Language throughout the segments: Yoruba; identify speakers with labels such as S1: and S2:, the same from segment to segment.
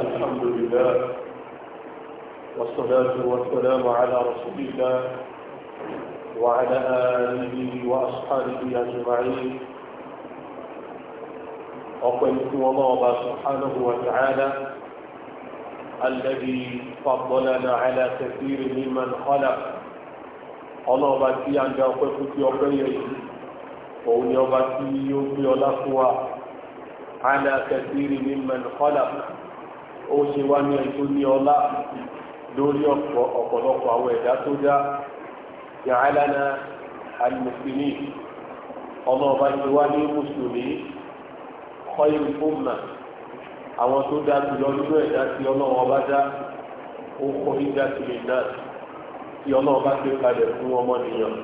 S1: الحمد لله والصلاة والسلام على رسول الله وعلى آله وأصحابه أجمعين وقلت الله سبحانه وتعالى الذي فضلنا على كثير ممن خلق الله tí أن ń da ọpẹ́ fún tí ọpẹ́ على كثير ممن خلق ó ṣe wá ní ẹni tó ní ọlá lórí ọ̀pọ̀lọpọ̀ àwọn ẹ̀dá tó dá yàrá alimusulmi ọlọ́ọ̀bá ṣe wá ní mùsùlùmí kọ́yìn fúnmà àwọn tó dá jùlọ nínú ẹ̀dá tí ọlọ́wọ́ bá dá ó kọ́ ìdá sílẹ̀ náà tí ọlọ́wọ́ bá ṣe kalẹ̀ fún ọmọnìyàn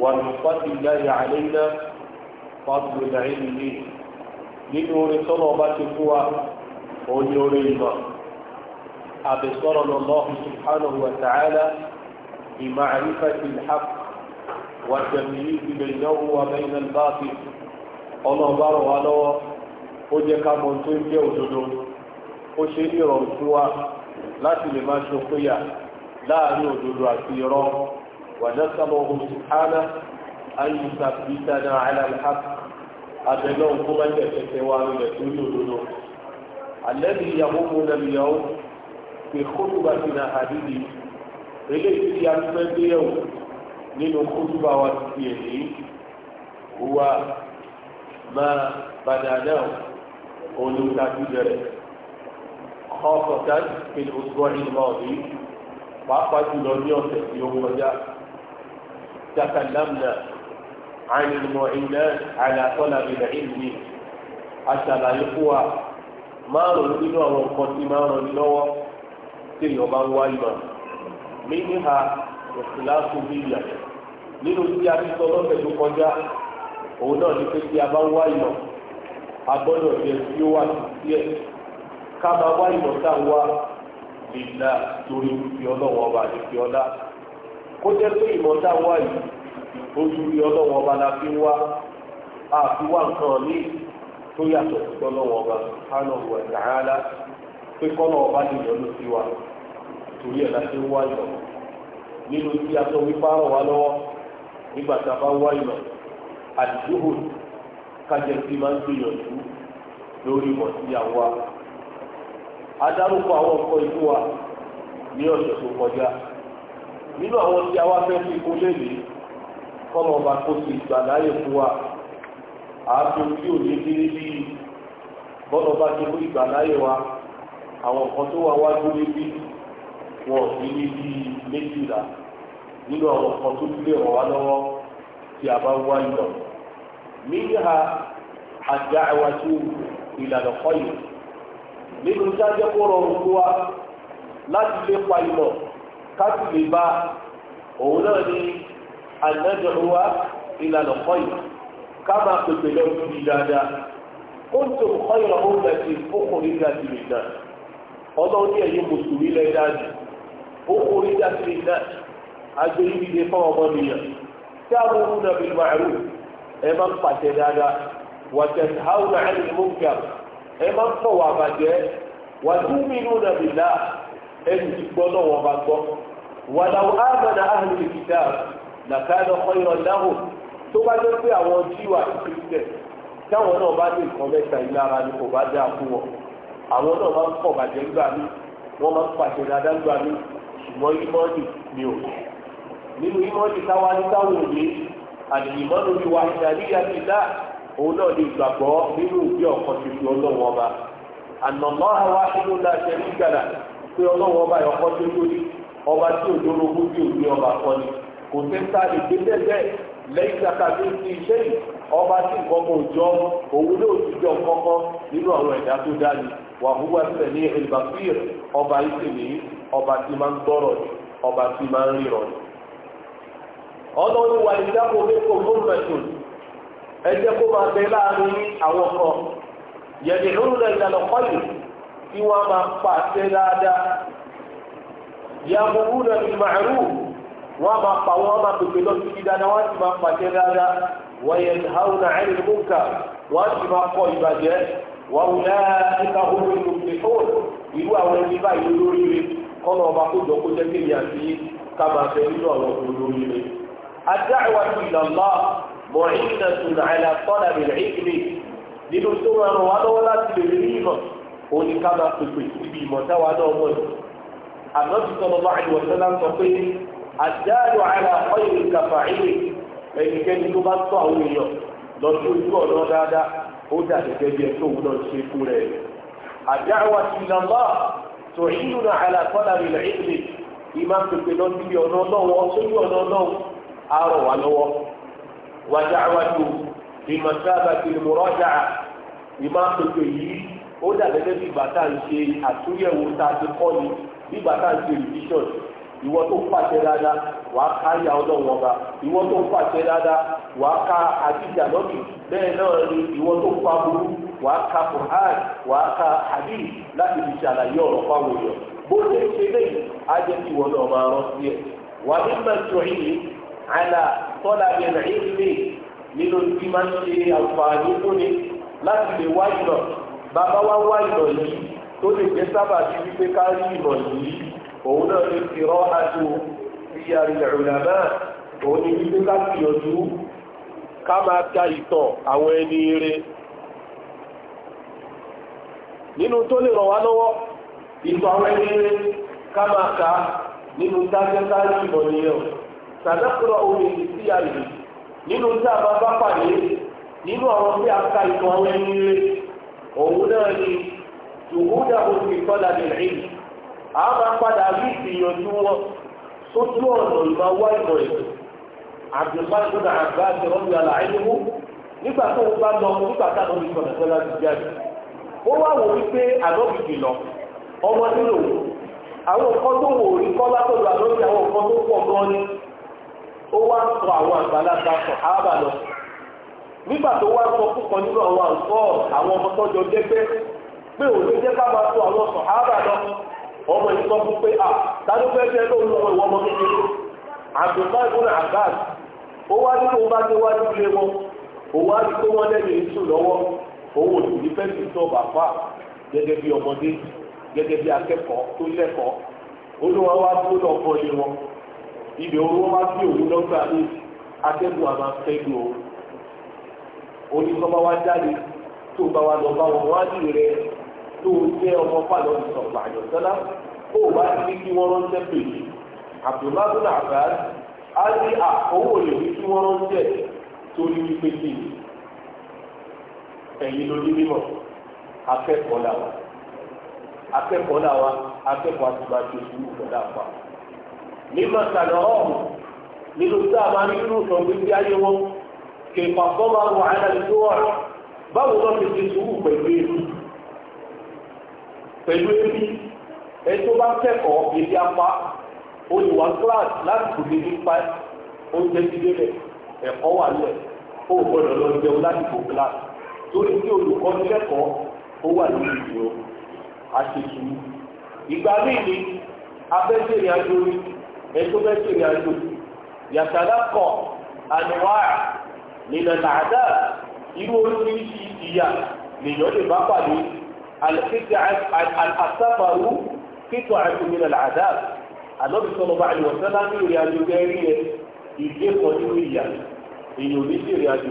S1: wà ní pàtì ìdáyà àlẹ́yìnà pàtì ìdáyà nínú orin tọ́lọ́ bá ṣe fún wa òní orí ìmọ̀ àbẹ̀sọ́rọ̀ lọ́lọ́hu subhanahu wa ta'ala بمعرفة الحق والتمييز بينه وبين الباطل ọlọ́ọ̀bára wa lọ́wọ́ ó jẹ́ ká mọ̀ tó ń jẹ́ òdodo ó ṣe ní ìrọ̀rùn fún wa láti lè máa ṣokóyà láàrin òdodo àti irọ́ wàdásàmọ̀ òṣùpáná ayùsàbítàdà aláàlá àbẹ̀lọ́ òkú bá jẹ́ kẹ̀kẹ́ wa rẹ̀ tó ní òdodo alẹ́bí ìyàwó mo lẹ́nu ìyàwó pé kótóbá ti na àdídì eléyìí tí a fẹ́ gbé yẹ̀wò nínú kótóbá wa ti fi èyí wa máa bàdàdà olùtàbí bẹ̀rẹ̀ kọ́sọ̀tàn pẹ̀lú ọgbọ́n ìmọ̀ ọ̀dí pàápàá jùlọ ní ọ̀sẹ̀ tí ó kọjá takalamna عن المعينات على طلب العلم أشهد أن márùn nínú àwọn nǹkan tí máa ràn lọ́wọ́ tí èèyàn bá ń ha bíyà nínú tí a ti sọ kọjá òun náà ní pé tí a bá ń wá ìmọ̀ a gbọ́dọ̀ jẹ tí ó wà sí ẹ̀ ọba àti fi ọlá kó jẹ́ pé ìmọ̀ tá ọba la fi wá tó yàtọ̀ lọ́wọ́ ọba subhanahu wa ta'ala pé kọ́nà ọba lè yọnu sí wa torí ẹ̀ láti wá ìmọ̀ nínú tí a sọ wípé àrọ̀ wa lọ́wọ́ nígbà tá a bá wá ìmọ̀ àdìgbò kájẹ sí máa ń gbìyànjú lórí ìmọ̀ sí àwa adárúkọ àwọn nǹkan ìlú wa ní ọ̀sẹ̀ tó kọjá nínú àwọn tí a wá fẹ́ fi kó lè kọ́nà ọba kó sì gbà fún wa àájò tí ò ní kiri bí bọ́lọ̀ bá ti mú ìgbà láyé wa àwọn kan tó wà wájú níbí wọn ò sí ní bí méjìlá nínú àwọn kan tó fi lè ràn wá lọ́wọ́ tí a bá wá ìlọ. mílíà àjà àwájú ìlànà kọ́yìn nínú jáde kó rọrùn fún wa láti lè pa ìlọ káàkiri bá òun náà ní ànájọ wa ìlànà kọ́yìn ká máa pèpè lọ síbi dáadáa ó ń tó kọ́ ìrọ̀ ó ń lẹ̀ sí ọkùnrin láti rìn náà ọlọ́run ní ẹ̀yìn mùsùlùmí lẹ́ dáàdì ọkùnrin láti rìn náà àjọ ibi lè fọ́ ọmọ nìyàn tí a mú un bí màálù ẹ máa ń pàṣẹ dáadáa wà tẹ̀ háwù náà ẹni mú kí ẹ máa ń pọ̀ wà bàjẹ́ wà tún mínú náà bí láà ẹni tí gbọ́ náà wọ́n bá gbọ́ wà láwọn ámàna áhùn ìkìtà làkàdọ̀ kọ́ ìrọ̀ tó bá jẹ́ pé àwọn jíwà ìpínlẹ̀ táwọn náà bá ní nǹkan mẹ́ta ilé ara ni kò bá dáa fún wọn àwọn náà máa ń pọ̀ bàjẹ́ gbà mí wọ́n máa ni ò nínú ìmọ̀ọ́nì táwa ní táwọn òde òun náà nínú ọ̀kan ọba ànàmọ́ àwa pé ọba ẹ̀kọ́ tó lórí ọba ọba lẹ́yìn àtàkì ti sẹ́yìn ọba tí nǹkan jọ òun náà ti jọ kọ́kọ́ nínú àwọn ẹ̀dá tó dá wà ní ìbàfíìr ọba ìsìn ọba tí máa ń tọrọ ni ọba tí máa ń rírọ̀ ni. ọ̀nà ìwà ìjábọ̀ mẹ́kọ̀ọ́ gómìnàtò ẹ jẹ́ kó máa bẹ láàrin àwọn kan ìlànà wọ́n máa pàṣẹ dáadáa yàgò wọ́n máa pa wọ́n máa pèpè lọ sí dáadáa wọ́n sì máa pàṣẹ dáadáa wọ́n yẹ haúnà ẹni múkà wọ́n sì máa kọ ìbàjẹ́ wọ́n wùlẹ́ nípa owó ìlú ìfowó ìlú àwọn ẹni báyìí lórí rẹ̀ kọ́nà ọba kó jọ kó jẹ́ kéde àti ká máa fẹ́ nínú àwọn ọkùnrin lórí rẹ̀. adáwà ti ìlànà mọ̀ọ́yìnà tún àìlà tọ́lá rẹ̀ ìkìlì nínú tó máa wá lọ́wọ́ láti àdáàlù àìlà ọ̀yìn ìkàfà ilé ẹnikẹ́ni tó bá tọ́ àwọn èèyàn lọ sí ojú ọ̀nà dáadáa ó dà gẹ́gẹ́ bí ẹ tó òun náà ṣe fún rẹ̀ àdáàwà ti nà má tó ìlú náà àìlà kọ́lá mi lẹ́yìn lè ìmá pèpè lọ síbi ọ̀nà ọlọ́wọ́ sójú ọ̀nà ọlọ́wọ́ àárọ̀ wà lọ́wọ́ wàdáàwà tó ìmọ̀sáàbà ti lè mọ̀rọ̀ ìmá pèpè yìí ó dà gẹ́gẹ́ bí bàtà tá a ń ṣe ìwọ tó pàṣẹ dáadáa wàá ká ìyá ọlọ́run ọba ìwọ tó pàṣẹ dáadáa wàá ká àdìjà lọ́bì bẹ́ẹ̀ náà ni ìwọ tó pa burú wàá ká Qur'an wàá ká hadith láti fi ṣàlàyé ọ̀rọ̀ fáwọn èèyàn bó ṣe ń ṣe léyìí á jẹ́ kí ìwọ náà máa rántí ẹ̀ wà ní mẹ́tọ́rì àlà tọ́lá yẹn ìlú nínú tí máa ń ṣe àǹfààní fúnni láti lè wá ìlọ bàbá wa wá ìlọ yìí tó lè jẹ́ sábà sí wípé ká rí ìlọ yìí òun náà ní ìrọ́ àjò ìyá ìrìnà náà òun ni wípé ká gbìyànjú ká máa ka ìtàn àwọn ẹni ire nínú tó lè ràn lọ́wọ́ ìtàn àwọn ẹni ka nínú dájẹ́ láti ìmọ̀ nìyẹn sàdákùrọ̀ omi sí àyè nínú tí a máa bá pàdé nínú àwọn tí a ka ìtàn àwọn ẹni òun náà ni a máa ń rí ìgbìyànjú wọn sójú ọ̀nà ìmọ̀ wá ìmọ̀ ẹ̀sìn Abdullahi bin Abbas radiyallahu anhu nígbà tó ń bá lọ nígbà tá àdóbi sọ̀rọ̀ sọ́lá ti jáde ó wá wò wípé àdóbi lọ ọmọ nílò àwọn nǹkan tó wò rí kọ́ bá àwọn tó pọ̀ gan ni ó wá sọ sọ lọ nígbà tó wá sọ púpọ̀ nínú àwọn àwọn ọmọ yìí sọ fún pé à tàbí fẹ́ fẹ́ lóun lọ́wọ́ ìwọ ọmọ kékeré Abdullahi ibn Abbas ó wá ní òun bá dé wájú ilé wọn òun á rí pé wọ́n lẹ́yìn èso lọ́wọ́ òun ò sì ní fẹ́ sí sọ bàbá gẹ́gẹ́ bí ọmọdé gẹ́gẹ́ bí akẹ́kọ̀ọ́ tó lẹ́kọ̀ọ́ olúwa wá dúró lọ fún ilé wọn ibẹ̀ òun wá sí òun lọ́gbà ní atẹ́gùn àmà fẹ́lú òun onígbọ́n bá wá jáde tó bá wá lọ bá tó o jẹ́ ọmọ pàdé ọ̀sán ọ̀gbà àjọ̀sọ́lá kó o bá ní kí wọ́n rán tẹ́pẹ̀ yìí Abdullahi á ní àkọ́wò lè kí wọ́n rán torí wípé tó nínú sáà máa ní pẹ̀lú ẹbí ẹni tó bá kẹ́kọ̀ọ́ èdè apá olùwà kíláàsì láti kò lè nípa oúnjẹ dídé rẹ̀ ẹ̀kọ́ wà lẹ̀ ó gbọ́dọ̀ lọ jẹun láti kò kíláàsì torí tí olùkọ́ ní kẹ́kọ̀ọ́ ó wà lórí ìdúró àṣetù ìgbà míì ni abẹ́sẹ̀ ìrìnàjò rí ẹni tó bẹ́sẹ̀ ìrìnàjò yàtàlá kọ̀ àníwá nínú àdá irú oríṣiríṣi ìyà lèèyàn lè bá pàdé àtàfàrú kíkọ́ àtúnmílẹ̀ làdá àlọ́bí sọ̀rọ̀ bá àlùwọ̀ sẹ́lá ní ìrìn àjò gẹ́rí ẹ ìdí kan nínú ìyá èèyàn ò ní sí ìrìn àjò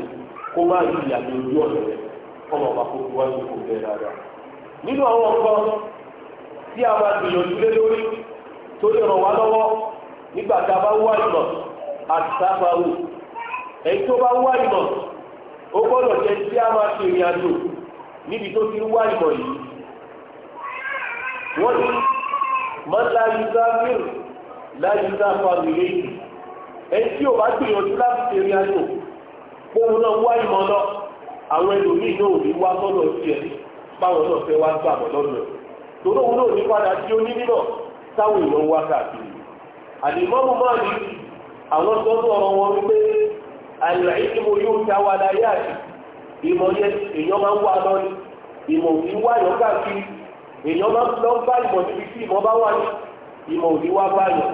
S1: kó má rí ìyá ní ojú ọ̀rẹ́ rẹ kọ́mọ bá kó wá ní kò bẹ́ẹ̀ dáadáa. nínú àwọn a máa gbìyànjú lé lórí tó lè ràn wá lọ́wọ́ nígbà tá a bá wá ìmọ̀ àtàfàrú ẹ̀yìn tó bá wá ìmọ̀ ó gbọ́dọ̀ jẹ́ tí a máa ṣe ìrìn níbi tó ti wá ìmọ̀ yìí wọ́n ní máa láyúgá mírù láyúgá fàmìlẹ́ yìí ẹni tí ò bá gbìyànjú láti ṣe rí ayò póun náà wá ìmọ̀ lọ àwọn ẹlòmíì náà ò ní wá sọ́dọ̀ tiẹ̀ báwọn náà fẹ́ wá gbà bọ̀ lọ́dọ̀ ẹ̀ náà ní padà tí ó ní nínà táwọn èèyàn wá káàkiri àdìmọ́mú máa ní àwọn sọ́dọ̀ ọ̀rọ̀ wọn wípé àlàyé tí mo yóò ta láyé àti ìmọ̀ yẹn èèyàn máa ń wá lọ ni ìmọ̀ òbí wá yọ káàkiri èèyàn máa ń lọ bá ìmọ̀ níbi tí ìmọ̀ bá wà ní ìmọ̀ òbí wá bá yọ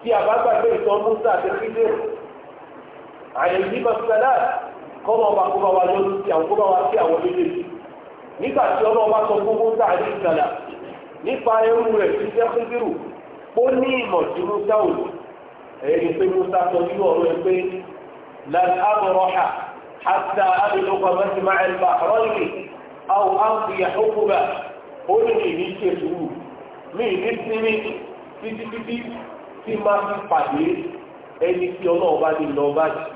S1: tí a bá gbàgbé ìtàn musa àti fídíò àyè ìdíbà sàdá kọ́mọ ọba kó bá wa lọ sí àwọn kó bá wa sí àwọn méjèèjì nígbà tí ọmọ ọba sọ fún musa àti sàdá nípa ẹrú rẹ̀ tí jẹ́ fídíò ó ní ìmọ̀ tí musa ò ẹ̀yẹ́ ni pé musa sọ nínú ọ̀rọ̀ ẹ pé làbọ̀rọ̀ حتى أبلغ مجمع البحرين أو أمضي حكما ó من èmi من sùúrù في في في في títí tí máa fi pàdé ẹni tí ọlọ́run bá ní lọ báyìí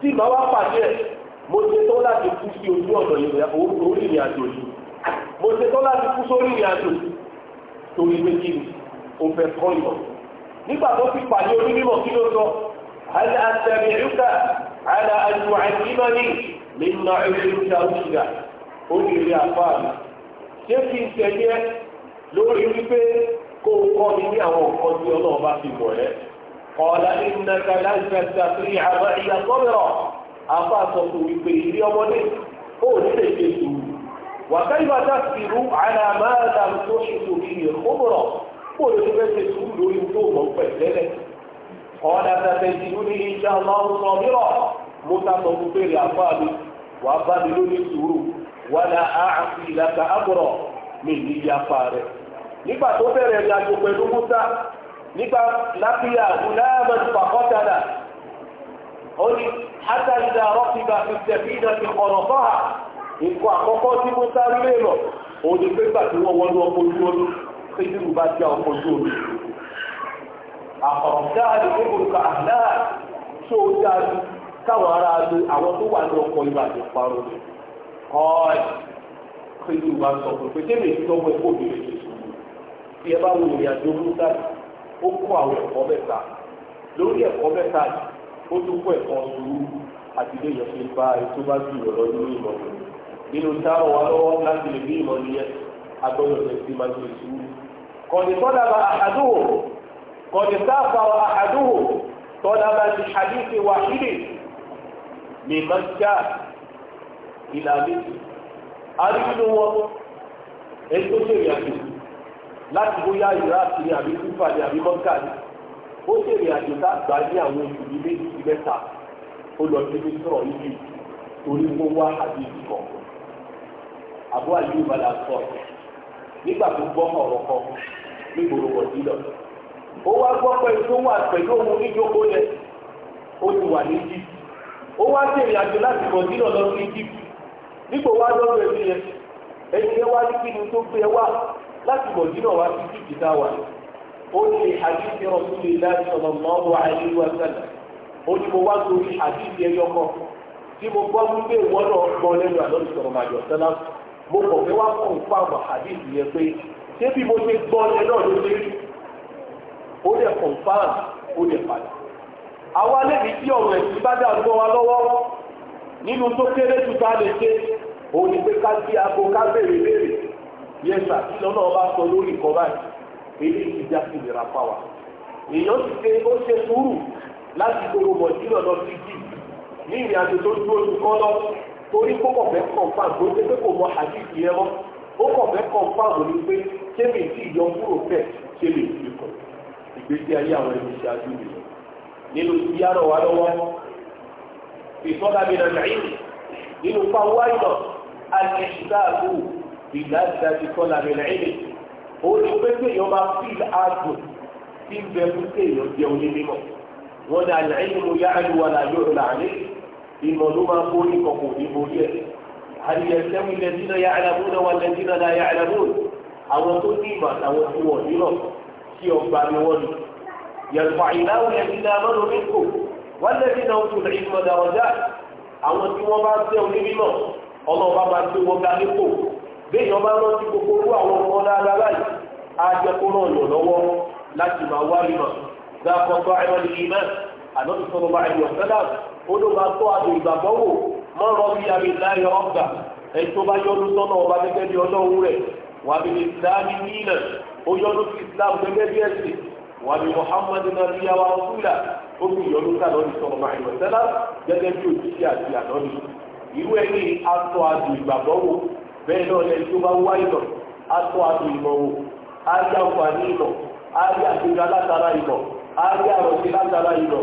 S1: tí màá wá pàdé ẹ̀ mo ṣe tán láti kú sí ojú ọ̀nà orí ìrìn àjò yìí mo ṣe tán láti kú sórí ìrìn àjò torí méjì ni ó fẹ́ kọ́ ìmọ̀ nígbà tó fi pàdé onímọ̀ kí ló sọ àti àtẹ̀rẹ̀ ìrúkà على أن تعلمني مما علمت رشدا قل يا فاضل ṣéèkì ìṣẹ̀lẹ̀ lórí wípé kó o kọ́ mi ní àwọn nǹkan tí ọlọ́run bá fi mọ̀ rẹ́ ọ̀la ìnàkà láìpẹ́ ṣàfihàn àmọ́ ìyàsọ́mìràn afá sọ fún wípé ilé ọmọdé ó ní lè ṣe sùúrù wàkàí bá dá sírú àlàmáàdà tó ṣe sòfin ìkóbọ̀rọ̀ kó o lè ṣe sùúrù lórí tó mọ̀ pẹ̀lẹ́lẹ̀ kọ́lá tẹ̀sẹ̀ ìdílú ní ìṣe ọlọ́run sọ mírọ̀ musa sọ fún fèrè àfáàlú wàá bá mi lórí sùúrù wàlá àásì ìlàkà àbúrọ̀ mi ní ìyá pa rẹ̀. nígbà tó bẹ̀rẹ̀ ni àkọ̀ọ̀dáà lè kó orúkọ àná tó dájú káwọn ará lu àwọn tó wà ní ọkọ̀ ìbàdàn parọ́ ni ọ̀ọ́yì kéjì sọ pé ẹ̀kọ́ ẹ bá wo ìrìn àjò ó àwọn ẹ̀kọ́ mẹ́ta lórí ẹ̀kọ́ mẹ́ta ó tún ẹ̀kọ́ sùúrù àti ilé bá ètò bá jù lọ ìmọ̀ nínú قد سافر أحدهم طلب بحديث واحد من مكة إلى مصر أريد ètò ṣe ìrìn àjò láti bóyá ìrà àti àbí fífà ní àbí mọ́kà ní ó ṣe ìrìn àjò tá àgbà ní àwọn oṣù ní méjì sí mẹ́ta ó lọ sí mísọ̀rọ̀ yìí torí ó wá àbí ìdìbò àbúrò àyè ìbàdàn sọ nígbà tó gbọ́ ọ̀rọ̀ kan nígboro wọ̀dí lọ ó wá gbọ́ pé tó wà pẹ̀lú òun níjókòó yẹn ó ti wà ní egypt ó wá bèrè àjò láti bọ̀ sílọ̀ lọ sí egypt nípò wá lọ́dọ̀ ẹbí yẹn ẹni yẹn wá ní kíni tó gbé wá láti bọ̀ sílọ̀ wá sí egypt a wà ó ní àdìsí ọ̀túnlé láti ọ̀nà ó ní mo wá torí àdìsí tí mo gbọ́ ìwọ́n náà gbọ́ lẹ́nu màjọ̀ sẹ́lá ó dẹ̀ confam ó dẹ̀ padà àwa lẹ́bi tí ọ̀rọ̀ ẹ̀sìn bá dà lọ́wọ́ wa lọ́wọ́ nínú tó kéré jù tá a lè ṣe òun ni pé ká sí aago ká béèrè béèrè yẹsà kí lọ́nà ọba sọ lórí ìkọ́ báyìí èyí ti já sí ìlera fáwa èèyàn ti ṣe ó ṣe sùúrù láti gbogbo mọ̀jìlọ̀ lọ sí jì ní ìrìn àjò tó dúró ju kọ́ lọ torí kó kọ̀ fẹ́ kọ̀ǹfà tó ṣe pé kò mọ àdìsí yẹn mọ́ ó kọ̀ fẹ́ kọ̀ǹfà wò ni pé ṣé mi ti yọ kúrò fẹ́ ṣé mi ìgbésí ayé àwọn ẹni ṣáájú mi nínú yàrá wa lọ́wọ́ ìfọ́gàmì náà nàìjíríà nínú pàwọ́ìlọ̀ àtẹ̀síkáàbù ìdájà ti kọ́lá mi nàìjíríà ó ní pé kéèyàn máa fi àdùn tí ń bẹ fún kéèyàn jẹ oní mímọ́ wọn ní àlàyé mo yá àlùwà làlú làní ìmọ̀ ló máa borí kọ̀kọ̀ ní borí ẹ̀ àlùyẹ sẹ́wìn lẹ́sìn náà yà àlàmú náà wà lẹ́sìn náà yà àlàmú àwọn tó ní ìmọ̀ àtàwọn tó wọ̀ nílọ̀ tí ọgbà ni wọ́n ni yẹ̀lùfà ìdáwò yẹn ti dá mọ́nà omi kò wọ́n lẹ́sìn náà tún lẹ́yìn mọ́ dáwọ́dá àwọn tí wọ́n bá tẹ́ omi mímọ́ ọlọ́ọ̀bá máa tó wọ́n ga nípò béèyàn bá lọ sí gbogbo owó àwọn ọmọ dáadáa báyìí á jẹ́ kó ràn yàn lọ́wọ́ láti máa wá mímọ́ dáàkọ́kọ́ ẹ̀rọ ìmọ̀ àdọ́tí sọ̀rọ̀ bá ẹ̀yọ̀ sẹ́dá ó ló máa tó àdó ìgbàgbọ́ wò mọ́ rọ́bì àbíláyọ̀ ọ̀gà ẹ̀ tó bá yọ́nu sọ́nà ọba gẹ́gẹ́ bí ọlọ́run rẹ̀ wà bí lè dáàbí nílẹ̀ ó yọnu sí islam gẹ́gẹ́ bí ẹ̀sìn wà ní muhammadu nabi awa ọ̀kúlà ó fi yọnu sàlọ́ọ̀nì sọ̀rọ̀ máa yọ̀ sẹ́lá gẹ́gẹ́ bí òjijì àti àlọ́ọ̀nì irú ẹni atọ́ àdù ìgbàgbọ́ wo bẹ́ẹ̀ náà lẹ́yìn tó bá wá ìlọ̀ atọ́ àdù ìmọ̀ wo ayé àǹfààní ìlọ̀ ayé àgbéga látara ìlọ̀ ayé àròsí látara ìlọ̀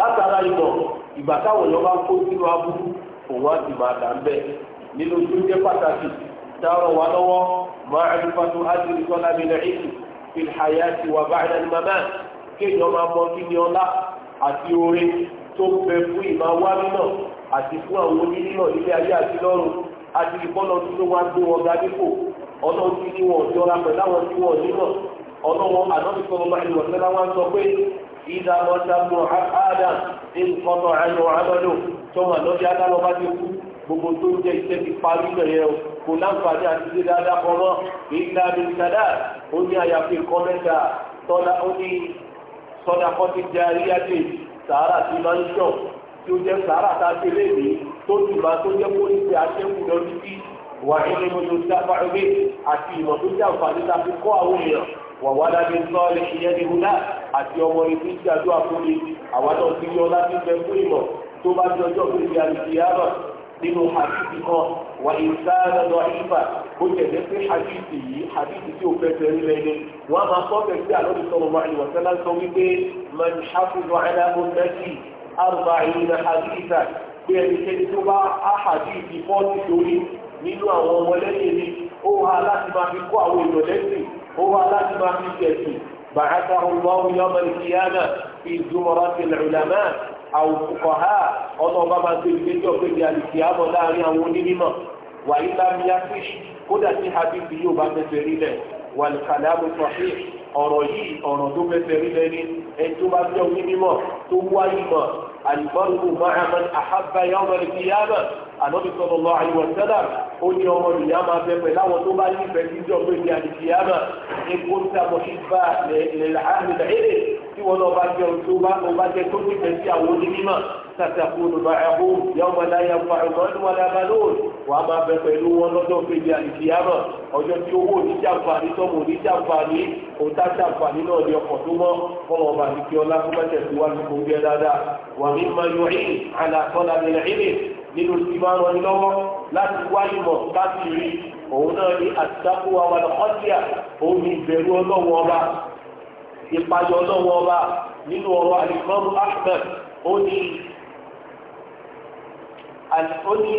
S1: látara ìlọ̀ ìgbà táwọn èèyàn bá kó sínú aburú òun á ti máa dà ń bẹ́ẹ̀ nínú tó jẹ́ pàtàkì dárò wá lọ́wọ́ ma'rifatu ajri talabil ilmi fil hayati wa ba'da al-mamat kéèyàn máa mọ kí ni ọlá àti oore tó bẹ fún ìmọ̀ wá nínà àti fún àwọn onílọ̀ wọn pẹ̀lú àwọn tí wọn sọ pé ìdá ọjà mọ̀ ádà tó wà ti kú gbogbo tó jẹ́ iṣẹ́ ti parí bẹ̀rẹ̀ o kò láǹfààní àti ṣe dáadáa kan mọ́ ìlà mi sàdá ó ní àyàfi kọ́mẹ́ta tọ́lá ó ní sọ́dà kan ti jẹ́ àríyáde sàárà tí máa ń sàn tí ó jẹ́ sàárà tá a ṣe léèmí tó ti máa tó jẹ́ kó ní ṣe àṣẹ́kù lọ títí wà nínú ìmọ̀tò tí a fàá gbé àti ìmọ̀ tó jẹ́ àǹfààní tá a fi kọ́ àwọn èèyàn wà wá sọ́ọ̀lì ìyẹn ní húdà àti ọmọ ìdí ìṣàdúrà fún àwọn náà ti yọ láti fẹ́ fún ìmọ̀ tó bá ti ọjọ́ ìyá ìyá nínú hadithi náà wà ìsáàlá lọ ìfà ó tẹ̀lé pé hadithi yìí hadithi tí ó fẹsẹ̀ rí lẹ́ni wọ́n máa sọ fẹ́ sí àlọ́ ìsọ̀rọ̀ máa ìwà sẹ́lá sọ wípé man hafizu ala ummati arba'ina haditha pé ẹnikẹ́ni tó bá á hadithi fọ́ọ̀tì lórí nínú àwọn ọmọlẹ́yìn ni ó wà láti máa fi kó àwọn èèyàn lẹ́sìn ó wà láti máa fi tẹ̀sìn bàtà ọlọ́run yọmọ ìkíyànà fi zumratil ulama àwòkọ̀há ọ̀nà ọba máa ń gbé ìgbẹ́jọ́ pé ní àlùkí àmọ́ láàrin àwọn onímọ̀ wàyí lámìyá fish kódà tí habibi yóò bá fẹsẹ̀ rí lẹ̀ wàlùkàlámù sọ̀hí ọ̀rọ̀ yìí ọ̀rọ̀ tó fẹsẹ̀ rí lẹ̀ ní ẹni tó bá jẹ́ onímọ̀ tó wáyé mọ̀ àlùbọ́ọ̀lù mahamad ahabaya ọmọ ìfìyàmọ̀ ànábi sọ̀rọ̀ lọ àyẹ̀wò sẹ́dà ó ní ọmọ ìyá máa fẹ́ pẹ̀lú àwọn tó bá nífẹ̀ẹ́ sí ìjọba ìdí àdìsíyàmọ̀ ní kóńtà mọ̀ tí wọn náà bá jẹ oṣù bá o bá jẹ tó nífẹ̀ẹ́ sí àwọn onímọ̀ tàtàkù olùbá ẹ̀hó yọmọ láyà fún àìmọ́ ẹ̀dùnmọ́ lábá lóòrùn wàá máa bẹ pẹ̀lú wọn lọ́jọ́ kejì àdìsíyàmọ̀ ọjọ́ tí owó oníjàǹfààní tọ́mù oníjàǹfààní òǹtà jàǹfààní náà ní ọkọ̀ tó mọ́ fọmọ ọba àdìsí ọlá fún mẹ́tẹ̀ẹ̀sì wá ní gbogbo ẹ̀ dáadáa wà ní mayọ̀ ẹ̀yìn àlàkọ́lá nínú tí máa ń rọni lọ́wọ́ láti wáyìmọ̀ káàkiri òun náà ní àtàkùn àwọn ọ̀dọ́kọ́tíà òun ní ìbẹ̀rù ọlọ́wọ́ ọba ìpayọ ọlọ́wọ́ ọba nínú ọ̀rọ̀ alimọ́mù ahmed ó ní ó ní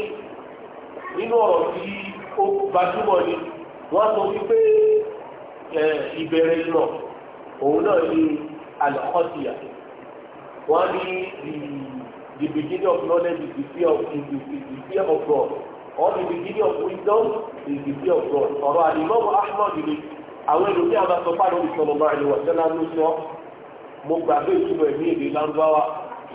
S1: nínú ọ̀rọ̀ tí ó gbajúmọ̀ ni wọ́n sọ wípé ìbẹ̀rẹ̀ ìlọ̀ òun náà ní alẹ́kọ́tìyà wọ́n ní the beginning of knowledge is the fear of is the, is the fear of God or the beginning of wisdom is the fear of God ọ̀rọ̀ alimọ́mù ahmed ni àwọn ẹlòmí àbá sọ pàdé ìsọ̀rọ̀ máa ní wọ̀sẹ́lá ló sọ mo gbàgbé ìtumọ̀ ẹ̀mí èdè lárúbáwá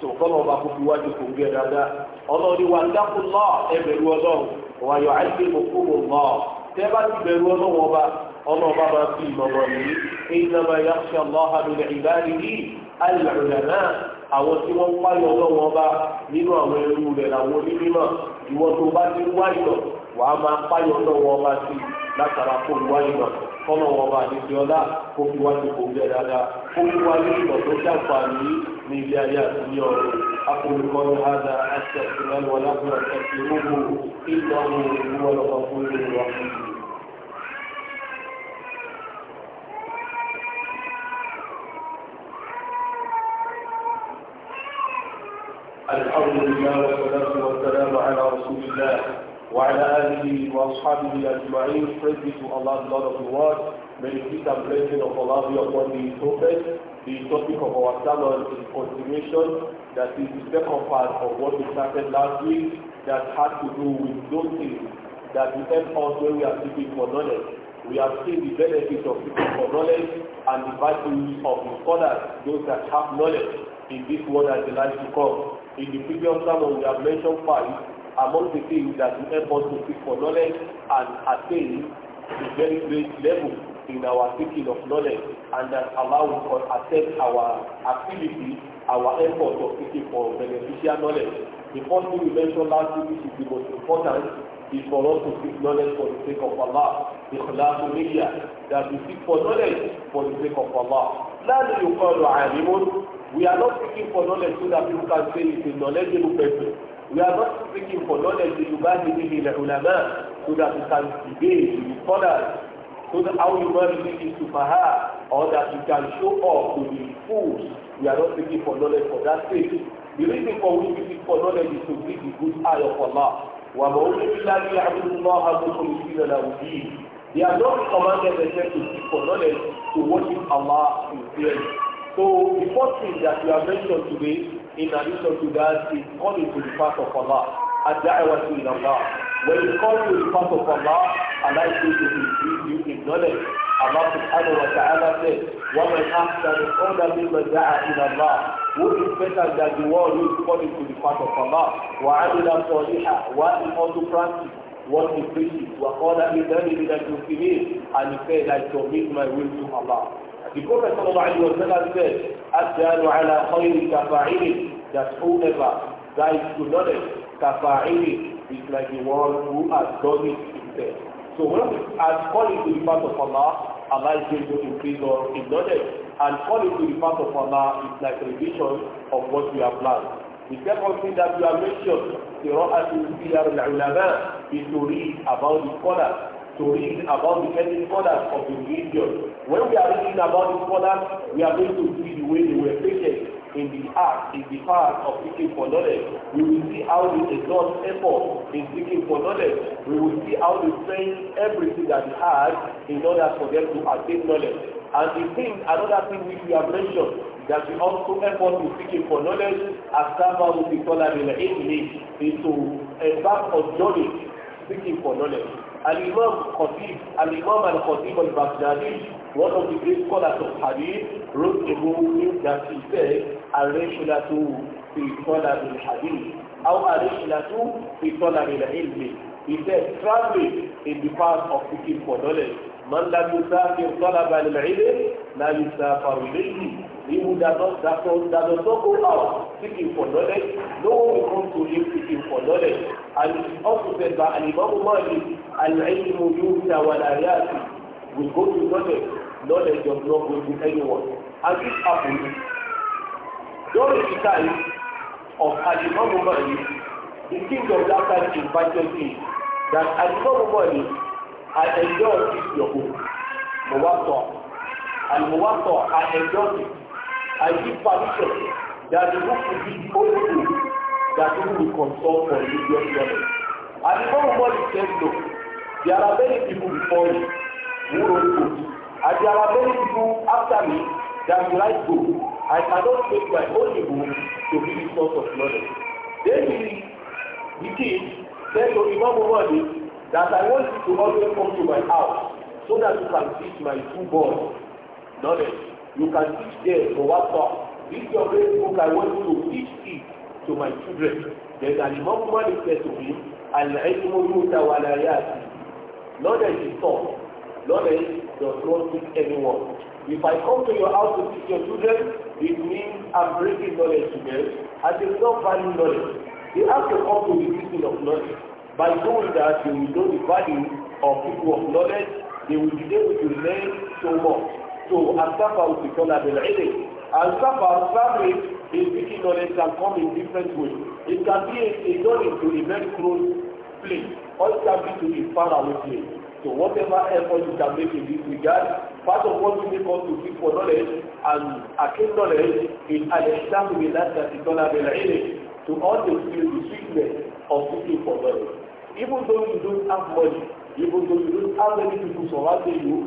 S1: sọ̀kọ́lọ̀ ọba kò fi wájú kò ń gẹ̀ dáadáa ọlọ́ọ̀ni wà ń dákun lọ ẹbẹ̀rù ọlọ́run wà yọ àìsè òkú mọ̀ lọ tẹ́ bá ti bẹ̀rù ọlọ́run ọba ọlọ́ọ̀ba máa fi ìmọ̀ mọ̀ ní innama yakhsha Allaha min ibadihi al-ulama àwọn tí wọ́n pààyàn kọ́nà wọn bá ní fi ọlá kó fi wá sí kò gbẹ dáadáa kó fi wá ní ìgbà tó dàgbà ní ní ilé ayé àti ní ọ̀rọ̀ akọ̀lùkọ́ ní àdá àti àtìlẹ́yìn wọn láti wọ́n ti gbogbo ìgbà wọn ní wọn lọ́kọ̀ fún ìlú wa fún ìlú. الحمد لله والصلاة والسلام على رسول الله وعلى آله وأصحابه أجمعين. Praise be to Allah, من of the world. May the peace and blessing of Allah be upon the Prophet. The topic of our sermon is continuation, that is the second part of what we started last week that had to do with those things that we help us when we are seeking for knowledge. We have seen the benefits of seeking for knowledge and the virtues of the scholars, those that have knowledge in this world and the life to come. In the previous sermon, we have mentioned five among the things that will help us to seek for knowledge and attain a very great level in our seeking of knowledge and that allow us to accept our ability, our effort of seeking for beneficial knowledge. The first thing we mentioned last week, which is the most important, is for us to seek knowledge for the sake of Allah. The Khalafu media, that we seek for knowledge for the sake of Allah. you call يقال عالم. We are not seeking for knowledge so that people can say it's a knowledgeable person. We are not seeking for knowledge that you buy the the ulama so that we can debate with scholars, so that our humanity is superha, or that we can show off to the fools. We are not seeking for knowledge for that sake. The reason for which we seek for knowledge is to be the good eye of Allah. وَمَوْلِ بِاللَّهِ يَعْبُدُ اللَّهَ مُخْلِصِينَ لَهُ الدِّينَ They are not commanded except to seek for knowledge to worship Allah sincerely. So the first thing that we have mentioned today in addition to that is calling to the path of Allah, ad-da'wa to Allah. When you call to the path of Allah, Allah is going to increase you in knowledge. Allah subhanahu wa ta'ala said, وَمَنْ أَحْسَنُ قَوْلًا مِمَّنْ دَعَا إِلَى اللَّهِ Who is better than the one who is calling to the path of Allah? وَعَمِلَ صَالِحًا One is also practice what he preaches. وَقَالَ إِنَّنِي مِنَ الْمُسْلِمِينَ And he said, I submit my will to Allah. Because Sallallahu Alaihi Wasallam said, Ajjalu ala khayri kafa'ili, that whoever dies to knowledge, kafa'ili, is like the one who has done it himself. So when we are calling to the part of Allah, Allah is going to increase our in knowledge. And calling to the part of Allah is like revision of what we have learned. The second thing that we have mentioned, the Ra'atul Siyar al-Ulama, is to read about the scholars to read about the early fathers of the religion. When we are reading about the fathers, we are going to see the way they were patient in the act, in the path of seeking for knowledge. We will see how they exhaust effort in seeking for knowledge. We will see how they spend everything that they had in order for them to attain knowledge. And the thing, another thing which we have mentioned, that we also effort in seeking for knowledge as Sama will be told in the eight is to embark on journey seeking for knowledge alimam kọ̀dí alimam alikọ̀dí olùbàdàdì one of the great scholars of hadith wrote a book that he said arẹ́ṣẹ́látó fi tọ́lá bil hadith how arẹ́ṣẹ́látó fi tọ́lá bil ilmi he said traveling in the path of seeking for knowledge man la yusafir tọ́lá bil ilmi la yusafar ilayhi ìmúdàdọ́sọ́kọ̀ out seeking for knowledge no one will come to you seeking for knowledge and it's also said by alimami mali alayimu yuta walayati will go to knowledge knowledge does not go to anyone and this happens during the time of alimami mali the kingdom of that time invited him that alimami mali i enjoy this your book muwato and muwato i enjoy it. I give permission that the book will be open that people will consult for religious learning. And the government says no. There are many people before me who wrote books. And there are many people after me that will write books. I cannot take my own book to be the source of knowledge. Then the, the kid said to Imam Umadi that I want you to always come to my house so that you can teach my two boys knowledge. You can teach them for WhatsApp. This your great book. I want you to teach it to my children. Then an Imam Malik said to him, Al-ilmu yuta wa la yati. Knowledge is taught. Knowledge does not teach anyone. If I come to your house to teach your children, it means I'm bringing knowledge to them, and they will not value knowledge. They have to come to the teaching of knowledge. By doing that, they will know the value of people of knowledge. They will be able to learn so much to asafar to talab al-ilm. Asafar traveling is seeking knowledge can come in different ways. It can be a, a journey to a very close place, or it can be to a away place. So whatever effort you can make in this regard, part of what we make us to seek for knowledge and attain knowledge is al that bi nafsi talab al-ilm to all the skills, the sweetness of seeking for knowledge. Even though you don't have money, even though you don't have many people surrounding you,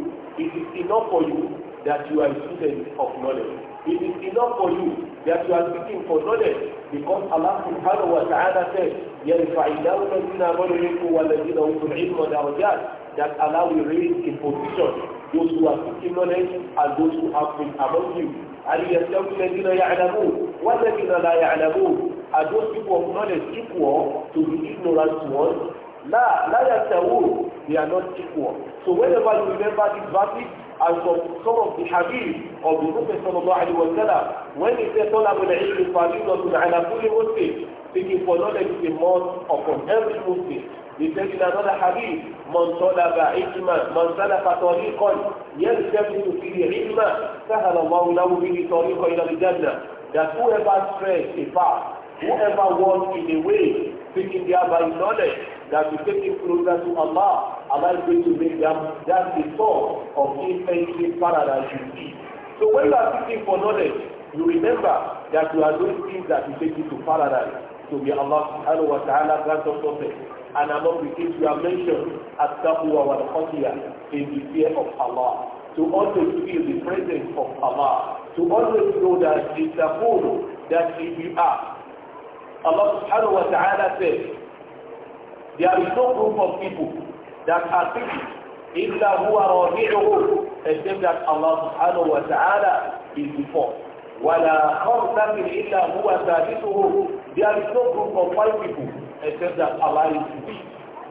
S1: it is enough for you that you are a student of knowledge. It is enough for you that you are seeking for knowledge because Allah subhanahu wa ta'ala says, يَرْفَعِ اللَّهُ الَّذِينَ آمَنُوا مِنْكُمْ وَالَّذِينَ أُوتُوا الْعِلْمَ دَرَجَاتٍ That Allah will raise in position those who are seeking knowledge and those who have been among you. هل يستوي الذين يعلمون والذين لا يعلمون Are those people of knowledge equal to the ignorant ones? لا لا يستوون They are not equal. So whenever you remember this verse and from some of the hadith of the Prophet sallallahu alaihi wasallam when he said طلب العلم فريضة على كل مسلم seeking for knowledge is a must upon every Muslim he said in another hadith من طلب علما من سلك طريقا يلتمس فيه علما سهل الله له به طريقا إلى الجنة that whoever spreads a path, whoever walks in a way, seeking thereby knowledge, that will take him closer to Allah, Allah is going to make them, that the source of infinite paradise you see. So when you are seeking for knowledge, you remember that you are doing things that will take you to paradise. So may Allah subhanahu wa ta'ala grant us success. And among the things we have mentioned, as-taqwa wal-khashiyah, in the fear of Allah to always feel the presence of Allah, to always know that it's a fool that if you are. Allah subhanahu wa ta'ala says, there is no group of people that are thinking, إِلَّا هُوَ رَاضِعُهُ except that Allah subhanahu wa ta'ala is before. وَلَا خَرْتَمٍ إِلَّا هُوَ ثَابِتُهُ There is no group of white people except that Allah is with.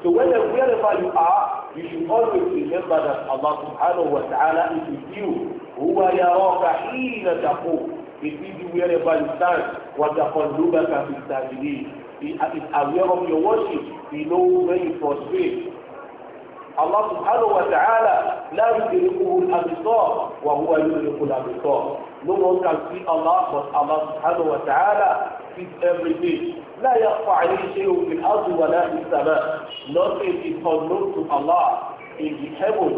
S1: So whenever, wherever you are, you should always remember that Allah subhanahu wa ta'ala is with you. هو يراك حين تقوم. He sees you wherever you stand. وتقلبك في الساجدين. He is aware of your worship. He knows where you prostrate. Allah سبحانه وتعالى لا láàrin ìdíríkùn وهو wà wúwa yóò ìdíríkùn àbìsọ́ no one can see Allah but everything لا يخفى عليه شيء في الأرض ولا في السماء nothing is unknown to Allah in the heaven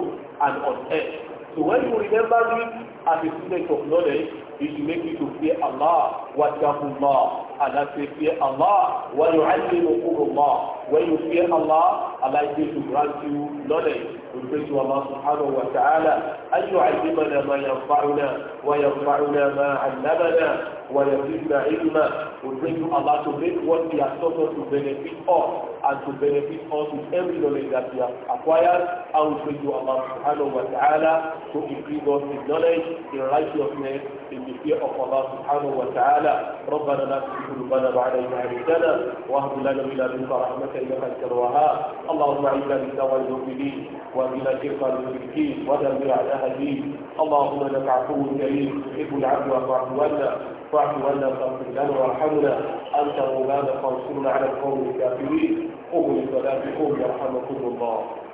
S1: and on earth so when you remember this as a student of knowledge it will make you to fear Allah wa taqullah àlàfẹ́fẹ́ Allah wa yu'allimukumullah wa yu'fi Allah aláìsí ìdúrásí lọ́lẹ̀ olùgbèsè Allah subhanahu wa ta'ala an yu'allimana ma yanfa'una wa yanfa'una ma 'allamana wa yazidna ilma olùgbèsè Allah to make what we are taught to benefit us and to benefit us with every knowledge that we have acquired and olùgbèsè Allah subhanahu wa ta'ala to increase us in knowledge in righteousness in the fear of Allah subhanahu wa ta'ala ربنا لا قلوبنا بعد إذ هديتنا واهد لنا بلا رضا رحمتك إنك أنت الوهاب اللهم أعنا بالتوى المؤمنين وبلا شرك المشركين ودمر أعداء الدين اللهم لك عفو كريم تحب العفو فاعف عنا واعف عنا فاغفر لنا وارحمنا أنت مولانا فانصرنا على القوم الكافرين قوموا لصلاتكم يرحمكم الله